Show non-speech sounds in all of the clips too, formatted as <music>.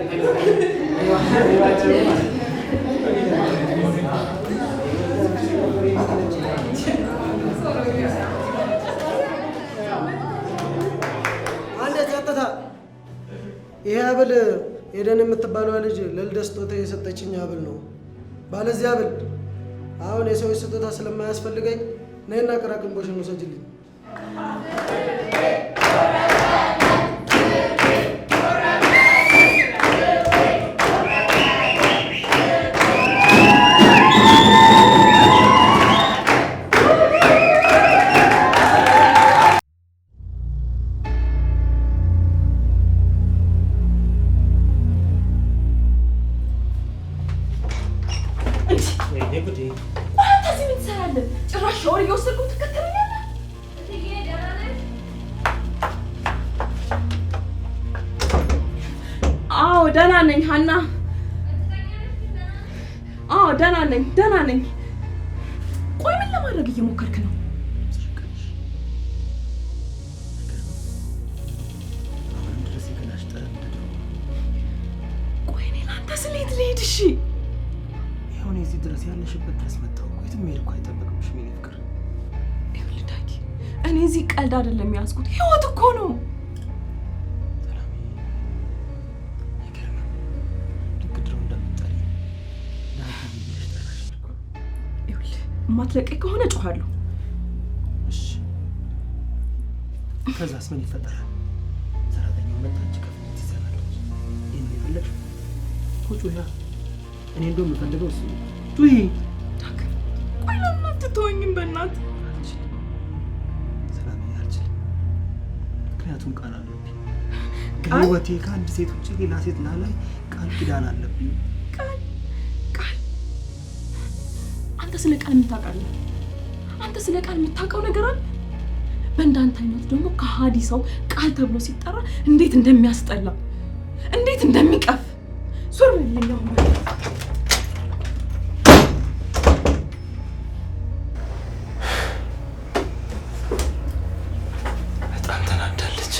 አንዴ ጸጥታ። ይሄ አብል ሄደን የምትባለው ልጅ ለልደት ስጦታ የሰጠችኝ አብል ነው። ባለዚህ አብል አሁን የሰዎች ስጦታ ስለማያስፈልገኝ ነይና ቅራቅንቦሽን ውሰጅልኝ። ደህና ነኝ ሀና። አዎ ደህና ነኝ፣ ደህና ነኝ። ቆይ ምን ለማድረግ እየሞከርክ ነው? ቆይ እኔ ለአንተ ስሌት ልሄድ? እሺ ይሁን። የዚህ ድረስ ያለሽበት ድረስ መጣሁ። የትም ይኸውልህ ዳጊ፣ እኔ እዚህ ቀልድ አይደለም የያዝኩት፣ ህይወት እኮ ነው የማትለቀኝ ከሆነ እጮኋለሁ። እሺ፣ ከዛስ ምን ይፈጠራል? ሰራተኛው መጣች፣ ከፍት ይሰራለች። ይህን የፈለግ ያ እኔ እንደው የምፈልገው እሱ ጩይ። ዳግም ቆይ፣ ለምን አትተወኝም? በእናት ሰላም አልችልም። ምክንያቱም ቃል አለብኝ ከህይወቴ ከአንድ ሴት ውጭ ሌላ ሴት ላላይ ቃል ኪዳን አለብኝ። ስለ ቃል የምታውቃለህ? አንተ ስለ ቃል የምታውቀው ነገር አለ? በእንዳንተ አይነት ደግሞ ከሀዲ ሰው ቃል ተብሎ ሲጠራ እንዴት እንደሚያስጠላ እንዴት እንደሚቀፍ ዞር በልኛው። በጣም ተናዳለች፣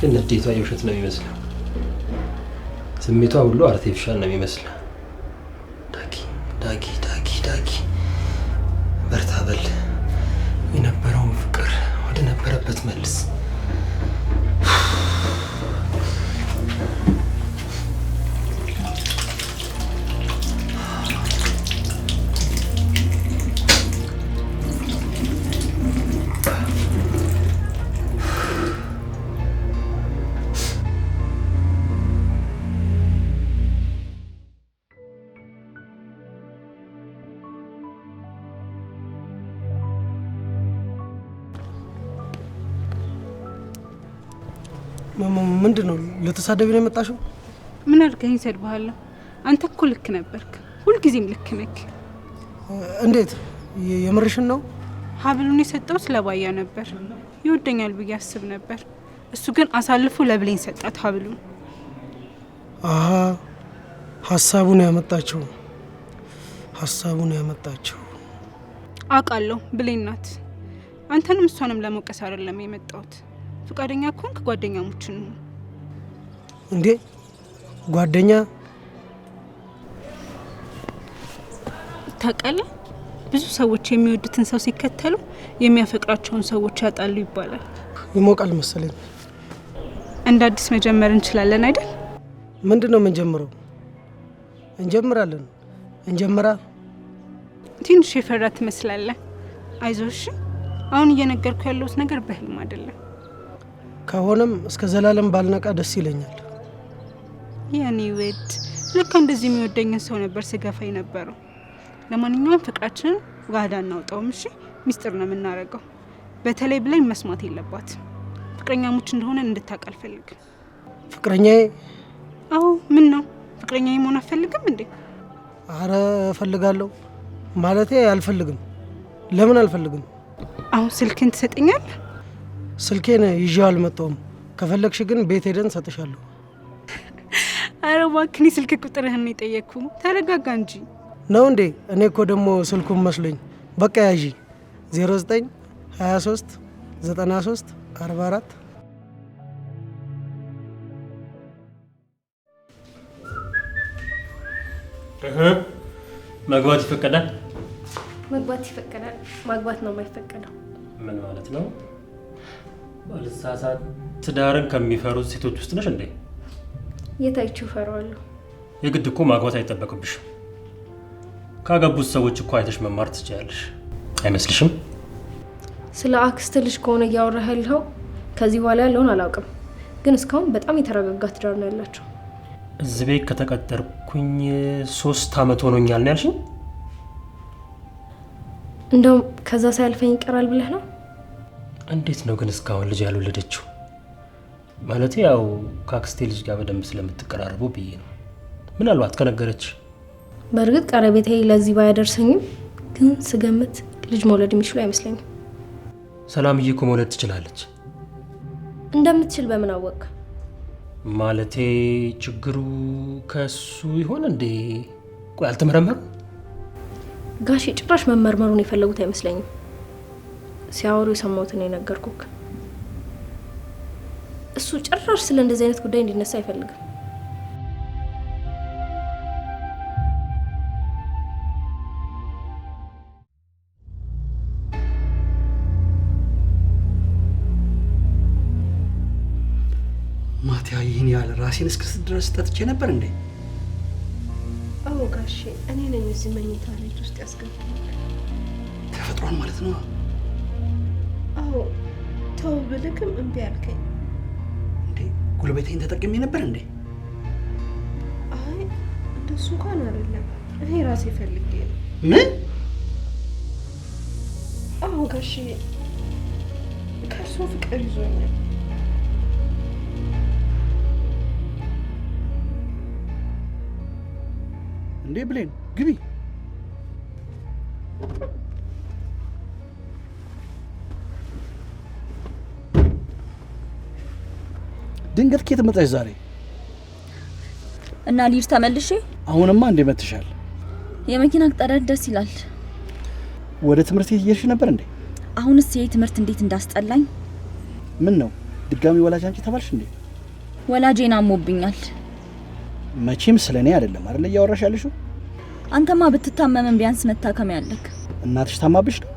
ግን ንዴቷ የውሸት ነው የሚመስለው። ስሜቷ ሁሉ አርቴፊሻል ነው የሚመስለው። ዳጊ ዳጊ ዳጊ በርታ በል። የነበረውን ፍቅር ወደ ነበረበት መልስ። ምንድን ነው? ልትሳደቢ ነው የመጣሽው? ምን አድርገኝ ሰድብሃለሁ? አንተ እኮ ልክ ነበርክ። ሁልጊዜም ልክ ነክ። እንዴት? የምርሽን ነው? ሀብሉን የሰጠው ስለባያ ነበር። ይወደኛል ብዬ አስብ ነበር። እሱ ግን አሳልፎ ለብሌን ሰጣት ሀብሉን። አሀ ሀሳቡን ያመጣችው ሀሳቡን ያመጣችው አውቃለሁ። ብሌን ናት። አንተንም እሷንም ለመውቀስ አይደለም የመጣሁት። ፈቃደኛ ከሆንክ ጓደኛሞችን ነው እንዴ ጓደኛ ታውቃለህ፣ ብዙ ሰዎች የሚወዱትን ሰው ሲከተሉ የሚያፈቅራቸውን ሰዎች ያጣሉ ይባላል። ይሞቃል መሰለኝ። እንደ አዲስ መጀመር እንችላለን አይደል? ምንድን ነው የምንጀምረው? እንጀምራለን። እንጀምራ። ትንሽ የፈራ ትመስላለህ። አይዞሽ፣ አሁን እየነገርኩ ያለሁት ነገር በህልም አይደለም። ከሆነም እስከ ዘላለም ባልነቃ ደስ ይለኛል። የኔ ውድ ልክ እንደዚህ የሚወደኝን ሰው ነበር ስገፋ የነበረው። ለማንኛውም ፍቅራችንን ዋዳ እናውጣውም። እሺ፣ ሚስጥር ነው የምናደርገው። በተለይ ብላኝ መስማት የለባት ፍቅረኛሞች እንደሆነ እንድታውቅ አልፈልግም። ፍቅረኛዬ? አዎ። ምን ነው ፍቅረኛዬ መሆን አልፈልግም እንዴ? አረ እፈልጋለሁ። ማለቴ አልፈልግም። ለምን አልፈልግም? አሁን ስልክን ትሰጠኛል? ስልኬን ይዤው አልመጣውም። ከፈለግሽ ግን ቤት ሄደን እሰጥሻለሁ። አረ እባክህ ስልክ ቁጥርህን የጠየቅኩ ተረጋጋ እንጂ ነው እንዴ? እኔ እኮ ደግሞ ስልኩን መስሎኝ። በቃ ያዢ 09 23 93 44 መግባት ይፈቀዳል። መግባት ይፈቀዳል። ማግባት ነው የማይፈቀደው። ምን ማለት ነው? ልሳሳት ትዳርን ከሚፈሩት ሴቶች ውስጥ ነሽ እንዴ? የታይችው ፈራዋለሁ። የግድ እኮ ማግባት አይጠበቅብሽም። ካገቡት ሰዎች እኮ አይተሽ መማር ትችላለሽ። አይመስልሽም? ስለ አክስት ልጅ ከሆነ እያወራህ ያለኸው ከዚህ በኋላ ያለውን አላውቅም፣ ግን እስካሁን በጣም የተረጋጋ ትዳር ነው ያላቸው። እዚህ ቤት ከተቀጠርኩኝ ሶስት አመት ሆኖኛል ነው ያልሽኝ? እንደውም ከዛ ሳያልፈኝ ይቀራል ብለህ ነው? እንዴት ነው ግን እስካሁን ልጅ ያልወለደችው? ማለት ያው ከአክስቴ ልጅ ጋር በደንብ ስለምትቀራርቡ ብዬ ነው። ምናልባት ከነገረች። በእርግጥ ቀረቤቴ ለዚህ ባያደርሰኝም ግን ስገምት ልጅ መውለድ የሚችሉ አይመስለኝም። ሰላምዬ እኮ መውለድ ትችላለች። እንደምትችል በምን አወቅ? ማለቴ ችግሩ ከሱ ይሆን እንዴ? ቆይ አልተመረመሩ? ጋሼ ጭራሽ መመርመሩን የፈለጉት አይመስለኝም። ሲያወሩ የሰማሁትን የነገርኩክ እሱ ጭራሽ ስለ እንደዚህ አይነት ጉዳይ እንዲነሳ አይፈልግም። ማቲያ ይህን ያህል ራሴን እስክስት ድረስ ጠጥቼ ነበር እንዴ? አዎ ጋሼ፣ እኔ ነኝ እዚህ መኝታ ቤት ውስጥ ያስገባል። ተፈጥሯን ማለት ነው። አዎ ተው ብልክም እምቢ አልከኝ። ጉልበቴን ተጠቅሜ ነበር እንዴ? አይ እንደሱ እንኳን አይደለም። እኔ ራሴ ፈልጌ ነው። ምን? አሁን ጋሽ ከእርሶ ፍቅር ይዞኛል። እንዴ ብሌን ግቢ ድንገት ከየት መጣሽ ዛሬ? እና ልሂድ ተመልሼ? አሁንማ እንዴ መጥሻል? የመኪና አቅጣዳት ደስ ይላል። ወደ ትምህርት ቤት እየሄድሽ ነበር እንዴ? አሁንስ ይሄ ትምህርት እንዴት እንዳስጠላኝ። ምን ነው ድጋሚ ወላጅ አንቺ ተባልሽ እንዴ? ወላጄን አሞብኛል። መቼም ስለ እኔ አይደለም አይደል እያወራሽ ያለሽው? አንተማ ብትታመምን ቢያንስ መታከም ያለክ። እናትሽ ታማብሽ ነው?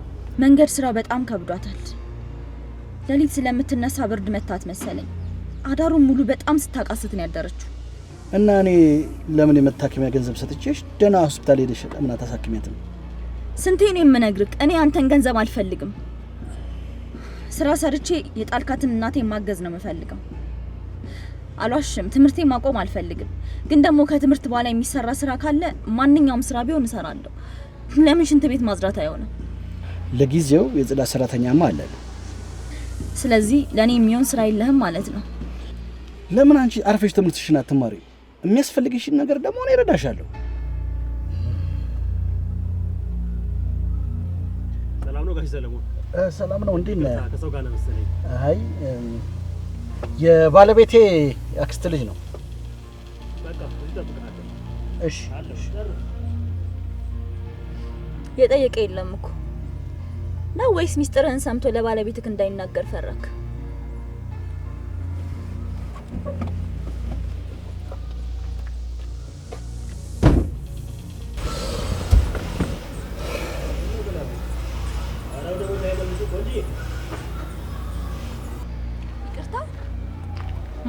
መንገድ ስራ በጣም ከብዷታል። ለሊት ስለምትነሳ ብርድ መታት መሰለኝ። አዳሩን ሙሉ በጣም ስታቃስት ነው ያደረችው። እና እኔ ለምን የመታከሚያ ገንዘብ ሰጥቼሽ ደህና ሆስፒታል ሄደሽ ለምን ነው? ስንቴ ነው የምነግርህ? እኔ አንተን ገንዘብ አልፈልግም። ስራ ሰርቼ የጣልካትን እናቴ ማገዝ ነው የምፈልገው። አሏሽም፣ ትምህርቴ ማቆም አልፈልግም። ግን ደግሞ ከትምህርት በኋላ የሚሰራ ስራ ካለ ማንኛውም ስራ ቢሆን እሰራለሁ። ለምን ሽንት ቤት ማዝራት አይሆንም? ለጊዜው የጽዳት ሰራተኛማ አለን። ስለዚህ ለእኔ የሚሆን ስራ የለህም ማለት ነው? ለምን አንቺ አርፈሽ ትምህርትሽን አትማሪ? የሚያስፈልግሽን ነገር ደግሞ እኔ እረዳሻለሁ። ሰላም ነው ጋሽ ሰለሞን? ሰላም ነው። እንዴት ነህ? ከሰው ጋር ነው መሰለኝ። አይ የባለቤቴ አክስት ልጅ ነው። እሺ የጠየቀ የለም እኮ ነው ወይስ ሚስጥርህን ሰምቶ ለባለቤትህ እንዳይናገር ፈራክ?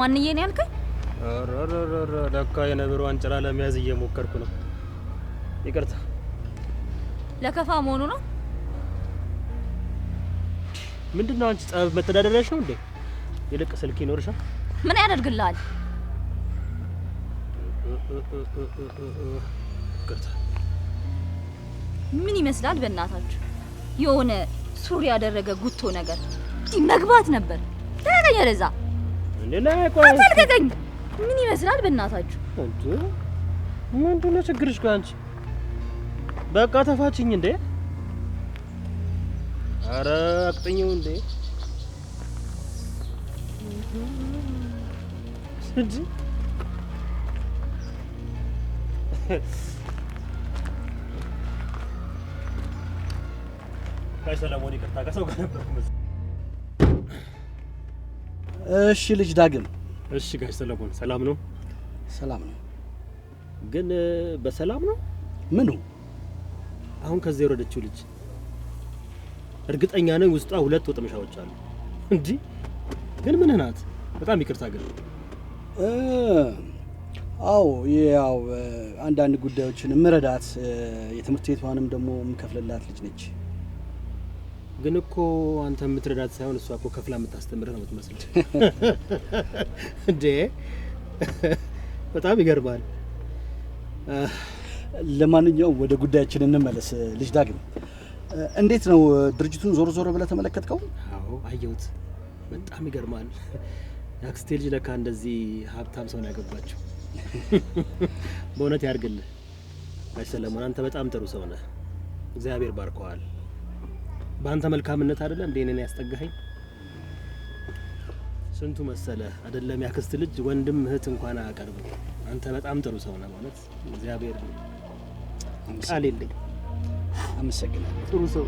ማንዬ ነው ያልከኝ? ለካ የነብሩ ጭራ ለመያዝ እየሞከርኩ ነው። ይቅርታ። ለከፋ መሆኑ ነው። ምንድነው አንቺ ጸብ መተዳደሪያሽ ነው እንዴ? ይልቅ ስልክ ይኖርሻል? ምን ያደርግልሃል? ምን ይመስላል? በእናታችሁ የሆነ ሱሪ ያደረገ ጉቶ ነገር መግባት ነበር ተረኛ ለዛ ልቀቀኝ። ምን ይመስላል? በእናታችሁ ምንድን ነው ችግርሽ? ቆይ አንቺ በቃ ተፋችኝ እንዴ? ኧረ አቅጥኝው እንዴ? ሰለሞን ይቅርታ ከሰው ጋር ነበርኩ መሰለኝ እሺ ልጅ ዳግም። እሺ ጋሽ ሰለሞን ሰላም ነው? ሰላም ነው። ግን በሰላም ነው? ምኑ? አሁን ከዚህ የወረደችው ልጅ እርግጠኛ ነኝ ውስጧ ሁለት ወጥመሻዎች አሉ። እንዲህ ግን ምን ናት? በጣም ይቅርታ ግን አዎ ያው አንዳንድ ጉዳዮችን ምረዳት የትምህርት ቤቷንም ደግሞ የምከፍልላት ልጅ ነች። ግን እኮ አንተ የምትረዳት ሳይሆን እሷ እኮ ከፍላ የምታስተምርህ ነው የምትመስለው። <laughs> እንዴ በጣም ይገርማል። ለማንኛውም ወደ ጉዳያችን እንመለስ። ልጅ ዳግም እንዴት ነው ድርጅቱን ዞሮ ዞሮ ብለህ ተመለከትከው? አዎ አየሁት። በጣም ይገርማል። የአክስቴ ልጅ ለካ እንደዚህ ሀብታም ሰው ነው ያገባቸው። <laughs> በእውነት ያድርግልህ። ሰለሞን አንተ በጣም ጥሩ ሰው ነህ። እግዚአብሔር ባርከዋል። በአንተ መልካምነት አይደለ እንዴ እኔን ያስጠጋኸኝ? ስንቱ መሰለ አይደለም ያክስት ልጅ ወንድም እህት እንኳን አያቀርብም። አንተ በጣም ጥሩ ሰው ነህ ማለት እግዚአብሔር ቃል የለኝ። አመሰግናለሁ። ጥሩ ሰው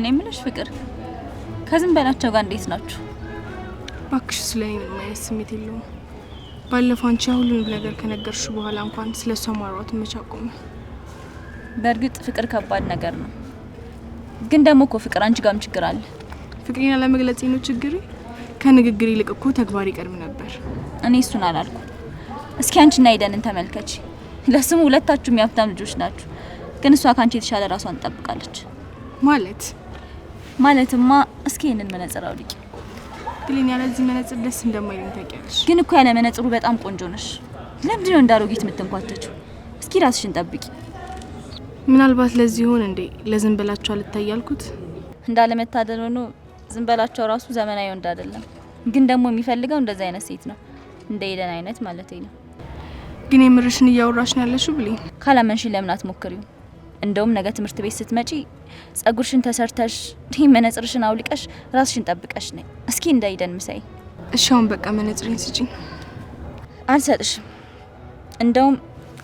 እኔ የምልሽ ፍቅር ከዝም በላቸው ጋር እንዴት ናችሁ? ባክሽ ስለ እኔ ምንም አይነት ስሜት የለውም። ባለፈው አንቺ ሁሉንም ነገር ከነገርሽ በኋላ እንኳን ስለ እሷ ማውራት መች በእርግጥ ፍቅር ከባድ ነገር ነው፣ ግን ደግሞ እኮ ፍቅር አንቺ ጋርም ችግር አለ። ፍቅሬን አለመግለጽ ነው ችግሬ። ከንግግር ይልቅ እኮ ተግባር ይቀድም ነበር። እኔ እሱን አላልኩ። እስኪ አንቺና ኤደንን ተመልከች። ለስሙ ሁለታችሁም የሀብታም ልጆች ናችሁ፣ ግን እሷ ከአንቺ የተሻለ ራሷን ትጠብቃለች ማለት ማለትማ እስኪ ይሄንን መነጽር አውልቂ። ግሊን ያለ መነጽር ደስ እንደማይልኝ ታውቂያለሽ። ግን እኮ ያለ መነጽሩ በጣም ቆንጆ ነሽ። ለምንድን ነው እንዳሮጊት የምትንኳተችው? እስኪ ራስሽን ጠብቂ። ምናልባት ለዚህ ይሆን እንዴ ለዝንበላቸው አልታይ እንዳለመታደል ሆኖ ዝንበላቸው ራሱ ዘመናዊ ወንድ አይደለም። ግን ደግሞ የሚፈልገው እንደዚህ አይነት ሴት ነው፣ እንደ ኤደን አይነት ማለት ነው። ግን የምርሽን እያወራሽ ነው ያለሽው ብሌን? ካላመንሽን ለምን አትሞክሪው? እንደውም ነገ ትምህርት ቤት ስትመጪ ጸጉርሽን ተሰርተሽ መነጽርሽን አውልቀሽ ራስሽን ጠብቀሽ ነኝ። እስኪ እንዳይደን ምሳይ። እሺ አሁን በቃ መነጽሬን ስጪኝ። አልሰጥሽም። እንደውም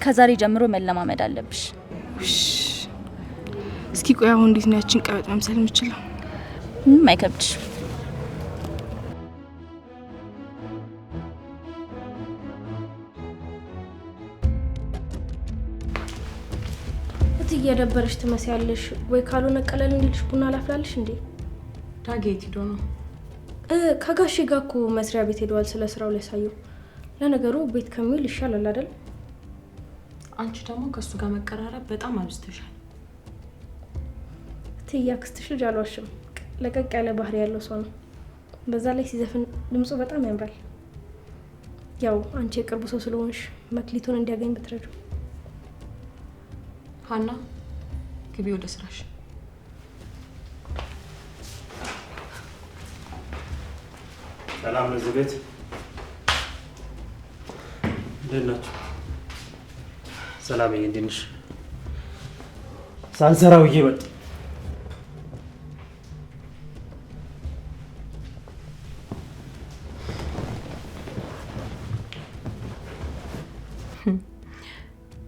ከዛሬ ጀምሮ መለማመድ አለብሽ። እስኪ ቆይ አሁን እንዴት ነው ያችን ቀበጥ መምሰል የምችለው? ምንም አይከብድሽም። የደበረሽ ትመስያለሽ። ወይ ካልሆነ ቀለል እንዲልሽ ቡና ላፍላልሽ እንዴ? ዳጌ የት ሄዶ ነው? ከጋሽ ጋር እኮ መስሪያ ቤት ሄደዋል። ስለ ስራው ሊያሳየው። ለነገሩ ቤት ከሚውል ይሻላል አይደል? አንቺ ደግሞ ከእሱ ጋር መቀራረብ በጣም አብዝተሻል። ትያ ክስትሽ ልጅ አልዋሽም፣ ለቀቅ ያለ ባህሪ ያለው ሰው ነው። በዛ ላይ ሲዘፍን ድምፁ በጣም ያምራል። ያው አንቺ የቅርቡ ሰው ስለሆንሽ መክሊቱን እንዲያገኝ ብትረጁ ሀና ግቢ ወደ ስራሽ። ሰላም ለዚህ ቤት እንዴት ናቸው? ሰላምዬ እንዴት ነሽ? ሳንሰራ ውዬ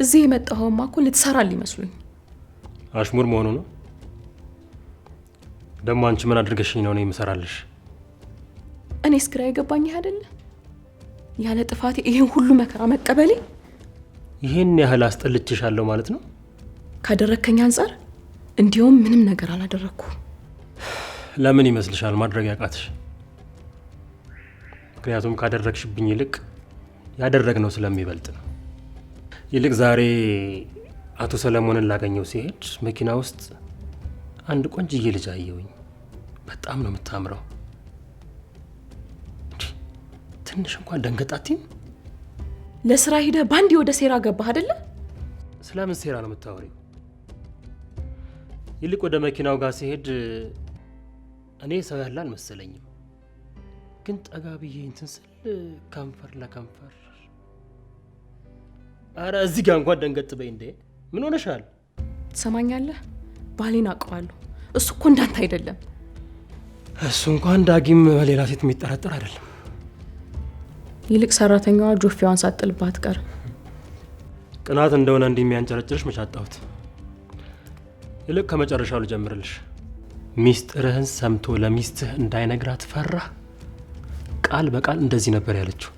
እዚህ የመጣኸውማ እኮ ልትሰራል ይመስሉኝ አሽሙር መሆኑ ነው። ደግሞ አንቺ ምን አድርገሽኝ ነው እኔ የምሰራልሽ? እኔ እስክራ የገባኝ አይደለ ያለ ጥፋቴ ይሄን ሁሉ መከራ መቀበሌ። ይሄን ያህል አስጠልችሻለሁ ማለት ነው? ካደረግከኝ አንጻር እንዲሁም ምንም ነገር አላደረግኩ። ለምን ይመስልሻል ማድረግ ያቃትሽ? ምክንያቱም ካደረግሽብኝ ይልቅ ያደረግነው ስለሚበልጥ ነው። ይልቅ ዛሬ አቶ ሰለሞንን ላገኘው ሲሄድ መኪና ውስጥ አንድ ቆንጅዬ ልጅ አየውኝ። በጣም ነው የምታምረው። ትንሽ እንኳን ደንገጣቲም። ለስራ ሂደህ ባንዴ ወደ ሴራ ገባህ አይደለ? ስለምን ሴራ ነው የምታወሪው? ይልቅ ወደ መኪናው ጋር ሲሄድ እኔ ሰው ያለ አልመሰለኝም። ግን ጠጋ ብዬ እንትን ስል ከንፈር ለከንፈር፣ አረ፣ እዚህ ጋር እንኳን ደንገጥ በይ እንዴ! ምን ሆነሻል? ትሰማኛለህ? ባሌን አውቀዋለሁ። እሱ እኮ እንዳንተ አይደለም። እሱ እንኳን ዳጊም በሌላ ሴት የሚጠረጠር አይደለም። ይልቅ ሰራተኛዋ ጆፌዋን ሳጥልባት ቀር ቅናት እንደሆነ እንዲህ የሚያንጨረጭርሽ መቻጣሁት። ይልቅ ከመጨረሻው ልጀምርልሽ። ሚስጥርህን ሰምቶ ለሚስትህ እንዳይነግራት ፈራ። ቃል በቃል እንደዚህ ነበር ያለችው።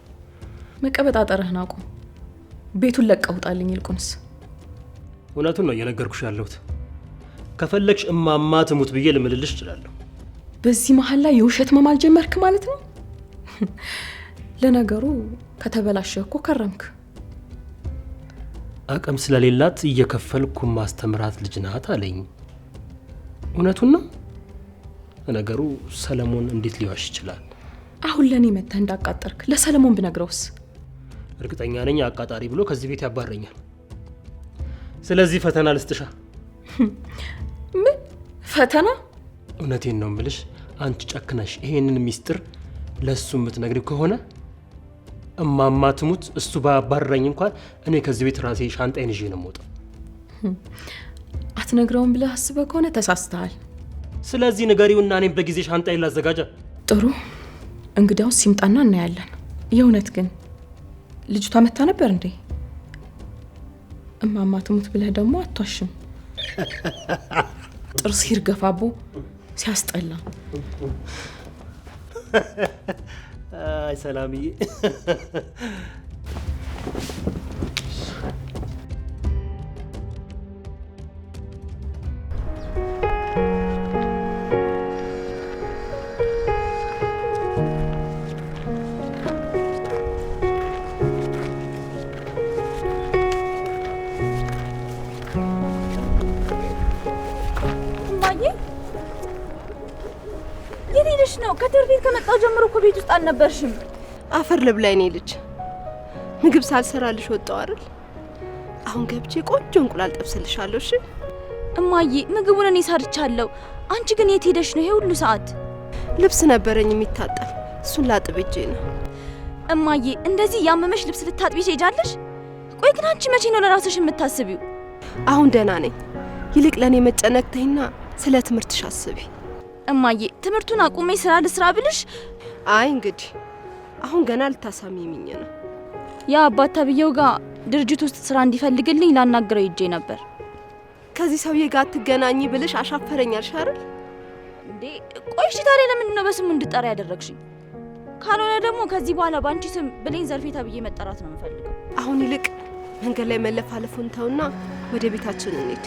መቀበጣጠርህን አቁም። ቤቱን ለቀውጣልኝ። ይልቁንስ እውነቱን ነው እየነገርኩሽ ያለሁት። ከፈለግሽ እማማ ትሙት ብዬ ልምልልሽ እችላለሁ። በዚህ መሀል ላይ የውሸት መማል ጀመርክ ማለት ነው። ለነገሩ ከተበላሸ እኮ ከረምክ። አቅም ስለሌላት እየከፈልኩ ማስተምራት ልጅ ናት አለኝ። እውነቱን ነው። ነገሩ ሰለሞን እንዴት ሊዋሽ ይችላል? አሁን ለእኔ መታ እንዳቃጠርክ ለሰለሞን ብነግረውስ? እርግጠኛ ነኝ አቃጣሪ ብሎ ከዚህ ቤት ያባረኛል። ስለዚህ ፈተና ልስጥሻ። ምን ፈተና? እውነቴን ነው ምልሽ። አንቺ ጨክነሽ ይሄንን ሚስጥር ለእሱ የምትነግሪው ከሆነ እማማ ትሙት እሱ ባባረኝ እንኳን እኔ ከዚህ ቤት ራሴ ሻንጣዬን ይዤ ነው የምወጣው። አትነግረውም ብለህ አስበህ ከሆነ ተሳስተሃል። ስለዚህ ንገሪውና እኔም በጊዜ ሻንጣዬን ላዘጋጃ። ጥሩ እንግዲያውስ ሲምጣና እናያለን። የእውነት ግን ልጅቷ መታ ነበር እንዴ? እማማ ትሙት ብለህ ደግሞ አቷሽም። <laughs> ጥርስ ይርገፋቦ ሲያስጠላ። አይ ሰላምዬ ምንሽ ነው? ከትምህርት ቤት ከመጣሁ ጀምሮ እኮ ቤት ውስጥ አልነበርሽም። አፈር ልብላ የኔ ልጅ። ምግብ ሳልሰራልሽ ወጣሁ አይደል? አሁን ገብቼ ቆንጆ እንቁላል ጠብስልሻለሁ። እሺ እማዬ፣ ምግቡን እኔ ሰርቻለሁ። አንቺ ግን የት ሄደሽ ነው ይሄ ሁሉ ሰዓት? ልብስ ነበረኝ የሚታጠብ፣ እሱን ላጥብ ነው። እማዬ፣ እንደዚህ ያመመሽ ልብስ ልታጥቢ ትሄጃለሽ? ቆይ ግን አንቺ መቼ ነው ለራስሽ የምታስቢው? አሁን ደህና ነኝ። ይልቅ ለእኔ መጨነቅ ተይና ስለ ትምህርትሽ አስቢ። እማዬ ትምህርቱን አቁሜ ስራ ልስራ ብልሽ? አይ እንግዲህ አሁን ገና ልታሳምሚኝ ነው። ያ አባት ተብዬው ጋር ድርጅት ውስጥ ስራ እንዲፈልግልኝ ላናግረው ይጄ ነበር። ከዚህ ሰውዬ ጋር ትገናኝ ብልሽ አሻፈረኝ አልሽ አይደል? እንዴ ቆይ እሺ ታዲያ ለምንድን ነው በስሙ እንድጠራ ያደረግሽኝ? ካልሆነ ደግሞ ከዚህ በኋላ በአንቺ ስም ብሌን ዘርፌ ተብዬ መጠራት ነው የምፈልገው። አሁን ይልቅ መንገድ ላይ መለፋለፉን ተውና ወደ ቤታችን እንሂድ።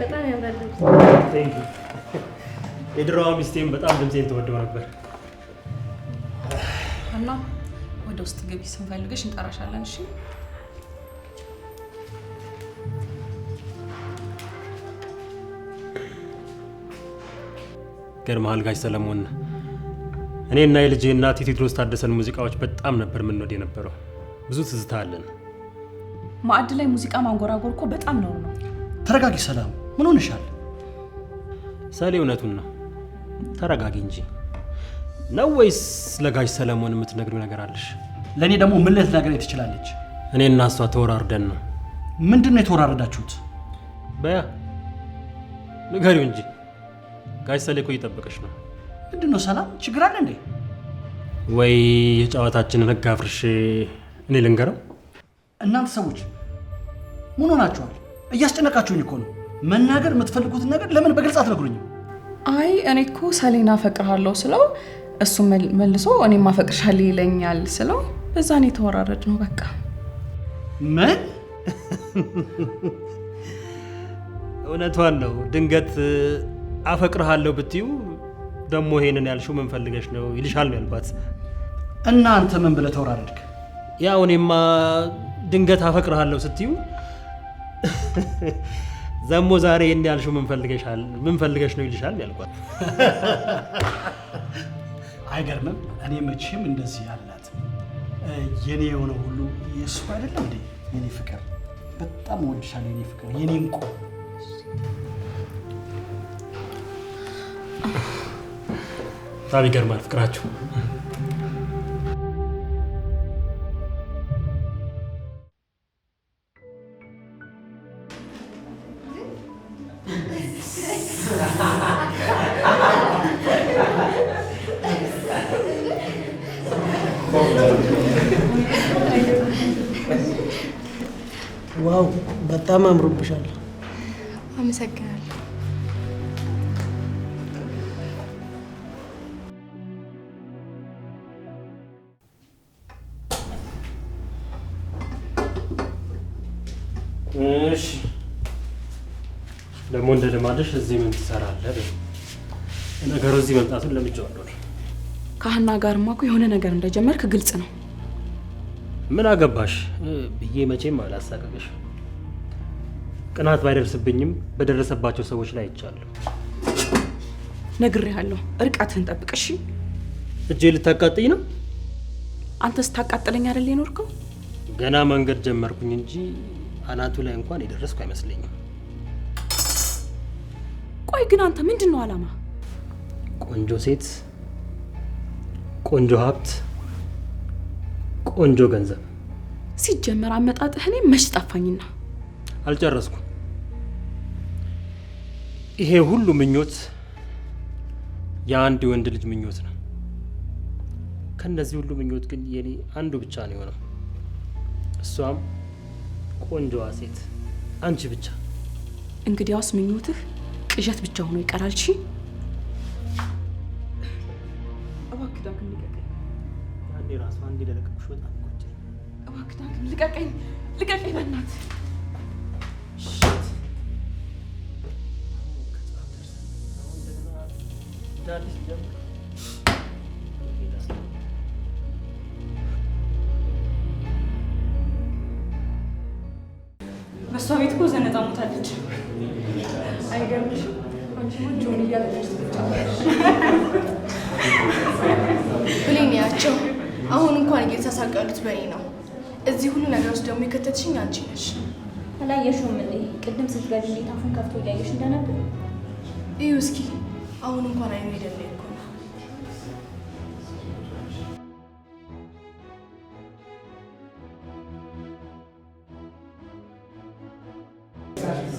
በጣም ያምራል። የድሮዋ ሚስቴም በጣም ድምፄን ተወደው ነበር እና ወደ ውስጥ ገቢ ስንፈልገሽ እንጠራሻለን። እሺ ገርመሃል ጋሽ ሰለሞን፣ እኔ እና የልጄ እናት የቴዎድሮስ ታደሰን ሙዚቃዎች በጣም ነበር የምንወድ የነበረው። ብዙ ትዝታ አለን። ማዕድ ላይ ሙዚቃ ማንጎራጎር እኮ በጣም ነው ነው። ተረጋጊ ሰላም ምን ሆነሻል? ሰሌ እውነቱን ነው። ተረጋጊ እንጂ ነው ወይስ ለጋሽ ሰለሞን የምትነግሪው ነገር አለሽ? ለእኔ ደግሞ ምን ልትነግረኝ ትችላለች? እኔ እና እሷ ተወራርደን ነው። ምንድን ነው የተወራረዳችሁት? በያ ንገሪው እንጂ ጋሽ ሰሌ እኮ እየጠበቀች ነው። ምንድን ነው ሰላም፣ ችግር አለ እንዴ? ወይ የጨዋታችንን ህግ አፍርሽ እኔ ልንገረው? እናንተ ሰዎች ምን ሆናችኋል? እያስጨነቃችሁኝ እኮ ነው። መናገር የምትፈልጉትን ነገር ለምን በግልጽ አትነግሩኝም? አይ እኔ እኮ ሰሌና አፈቅርሃለሁ ስለው እሱ መልሶ እኔም አፈቅርሻለሁ ይለኛል ስለው በዛ እኔ ተወራረድ ነው በቃ። ምን እውነቷን ነው። ድንገት አፈቅርሃለሁ ብትዩ ደግሞ ይሄንን ያልሽው ምን ፈልገሽ ነው ይልሻል ነው ያልኳት። እናንተ ምን ብለህ ተወራረድክ? ያው እኔማ ድንገት አፈቅርሃለሁ ስትዩ ዘሞ ዛሬ ይህን ያልሽው ምን ፈልገሽ ነው ይልሻል ያልኳት። <laughs> አይገርምም? እኔ መቼም እንደዚህ ያላት የኔ የሆነ ሁሉ የእሱ አይደለም እንዴ? የኔ ፍቅር በጣም እወድሻለሁ የኔ ፍቅር፣ የኔ እንቁ በጣም ይገርማል ፍቅራችሁ። አምሮብሻል። አመሰግናለሁ። እሺ ደግሞ እንደ ልማድሽ እዚህ ምን ትሰራለህ? ነገሩ እዚህ መምጣቱን ለምጄዋለሁ። ከሀና ጋርማ እኮ የሆነ ነገር እንደጀመርክ ግልጽ ነው። ምን አገባሽ ብዬ መቼም አላሳቀቅሽ። ቅናት ባይደርስብኝም በደረሰባቸው ሰዎች ላይ አይቻለሁ። ነግሬሃለሁ፣ እርቀትህን ጠብቅ እሺ። እጄ ልታቃጥኝ ነው። አንተ ስታቃጥለኝ አይደል የኖርከው? ገና መንገድ ጀመርኩኝ እንጂ አናቱ ላይ እንኳን የደረስኩ አይመስለኝም። ቆይ ግን አንተ ምንድን ነው አላማ? ቆንጆ ሴት፣ ቆንጆ ሀብት፣ ቆንጆ ገንዘብ። ሲጀመር አመጣጥህ እኔ መች ጠፋኝና አልጨረስኩም። ይሄ ሁሉ ምኞት የአንድ ወንድ ልጅ ምኞት ነው። ከነዚህ ሁሉ ምኞት ግን የኔ አንዱ ብቻ ነው የሆነው። እሷም ቆንጆዋ ሴት አንቺ ብቻ። እንግዲያውስ ምኞትህ ቅዠት ብቻ ሆኖ ይቀራል። እሺ ልቀቀኝ፣ ልቀቀኝ በእናትህ በእሷ ቤት እኮ ዘነጣ ሞታለች። ብሌን ያቸው አሁን እንኳን እየተሳሳቁ ያሉት በእኔ ነው። እዚህ ሁሉ ነገር ውስጥ ደግሞ የከተትሽኝ አንቺ ነሽ። አላየሽውም እንዴ? ቅድም ስትገቢ እንዴት አፉን ከፍቶ እያየሽ እንደነበር እዩ እስኪ አሁን እንኳን አይኑ ሄደለ እኮ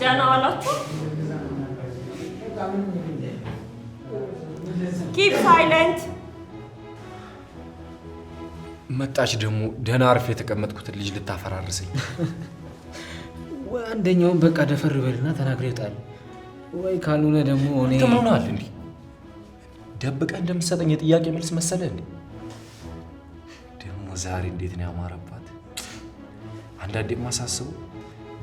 ደህና ዋላችሁ። ኪፕ ሳይለንት መጣች ደግሞ። ደህና አርፍ የተቀመጥኩትን ልጅ ልታፈራርሰኝ። አንደኛውም በቃ ደፈር በልና ተናግሬ ጣል ወይ ካልሆነ ደግሞ ደብቀህ እንደምትሰጠኝ የጥያቄ መልስ መሰለህ እንዴ? ደግሞ ዛሬ እንዴት ነው ያማረባት። አንዳንዴ የማሳስቡ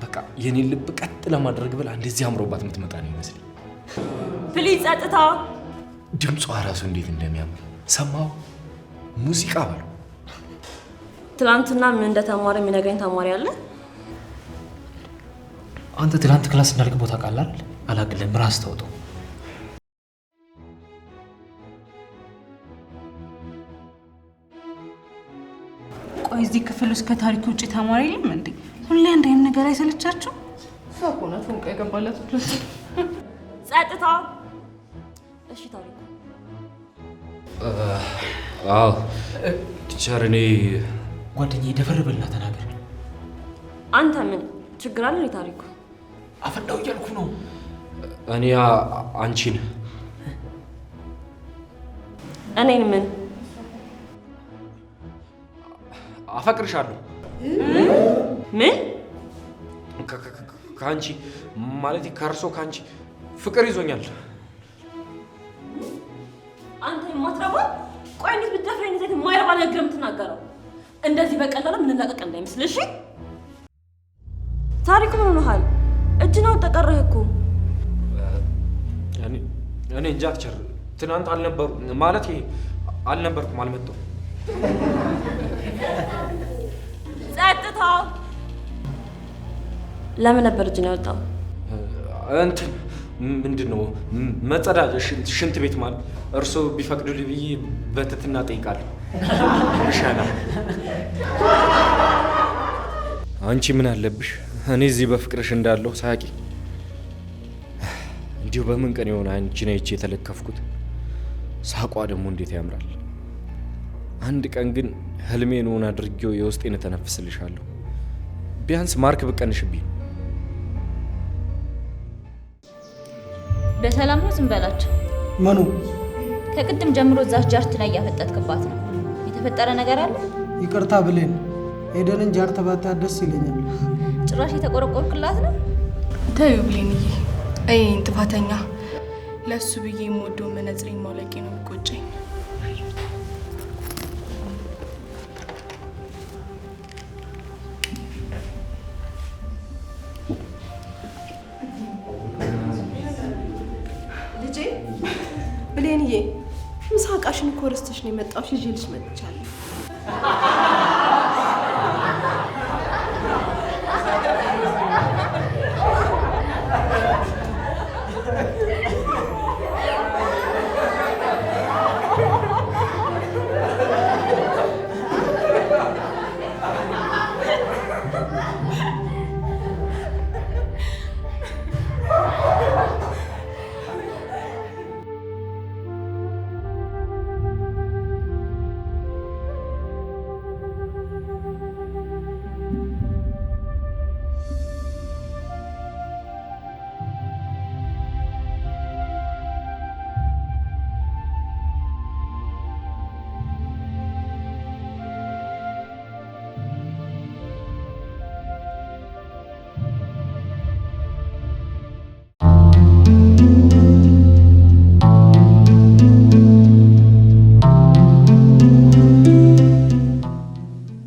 በቃ የኔን ልብ ቀጥ ለማድረግ ብላ እንደዚህ አምሮባት የምትመጣ ነው ይመስል። ፕሊዝ ጸጥታ። ድምጿ ራሱ እንዴት እንደሚያምር ሰማው። ሙዚቃ በለው። ትናንትና ምን እንደተማረ የሚነግረኝ ተማሪ አለ። አንተ ትናንት ክላስ እንዳልክ ቦታ ቃላል? አላቅልም ራስ ተውጠው የዚህ ክፍል ውስጥ ከታሪክ ውጭ ተማሪ የለም እንዴ? ሁሌ አንድ አይነት ነገር አይሰለቻችሁ? ሳኮና ፎንቃ የገባላት ፕለስ ጸጥታ። እሺ ታሪኩ። አዎ ቲቸር፣ እኔ ጓደኛዬ ደፈር በልና ተናገር። አንተ ምን ችግር አለ? ታሪኩ አፈዳው እያልኩ ነው እኔ አንቺን እኔን ምን አፈቅርሻለሁ። ምን ከአንቺ ማለት ከእርሶ ከአንቺ ፍቅር ይዞኛል። አንተ የማትረባ ቆይ፣ እንዴት ብትደፍረኝ ዘት የማይረባ ነገር የምትናገረው? እንደዚህ በቀላሉ ምንላቀቅ እንዳይመስልሽ። ታሪኩ ምን ሆነሃል? እጅ ነው ተቀረህ እኮ። እኔ እንጃ ትችር፣ ትናንት አልነበሩ ማለት አልነበርኩም፣ አልመጣሁም ለምን ነበር እጅን ያወጣው? እንትን ምንድን ነው ሽንት ቤት ማለት እርሶ ቢፈቅዱ ብዬ በትትና ጠይቃለሁ። ይሻላል። አንቺ ምን አለብሽ? እኔ እዚህ በፍቅርሽ እንዳለሁ ሳቂ። እንዲሁ በምን ቀን የሆነ አንቺን አይቼ የተለከፍኩት። ሳቋ ደግሞ እንዴት ያምራል! አንድ ቀን ግን ህልሜን እውን አድርጌው የውስጤን ተነፍስልሻለሁ። ቢያንስ ማርክ ብቀንሽብኝ በሰላም ነው? ዝም በላቸው። ምኑ? ከቅድም ጀምሮ እዛች ጃርት ላይ እያፈጠጥክባት ነው። የተፈጠረ ነገር አለ? ይቅርታ ብሌን፣ ኤደንን ጃርት ባታያት ደስ ይለኛል። ጭራሽ የተቆረቆርክላት ነው? ተዩ ብሌንዬ፣ እይ ጥፋተኛ ለእሱ ብዬ የምወደው መነጽሬን ማውለቄ ነው ነው የመጣሁሽ። ይዤልሽ መጥቻለሁ።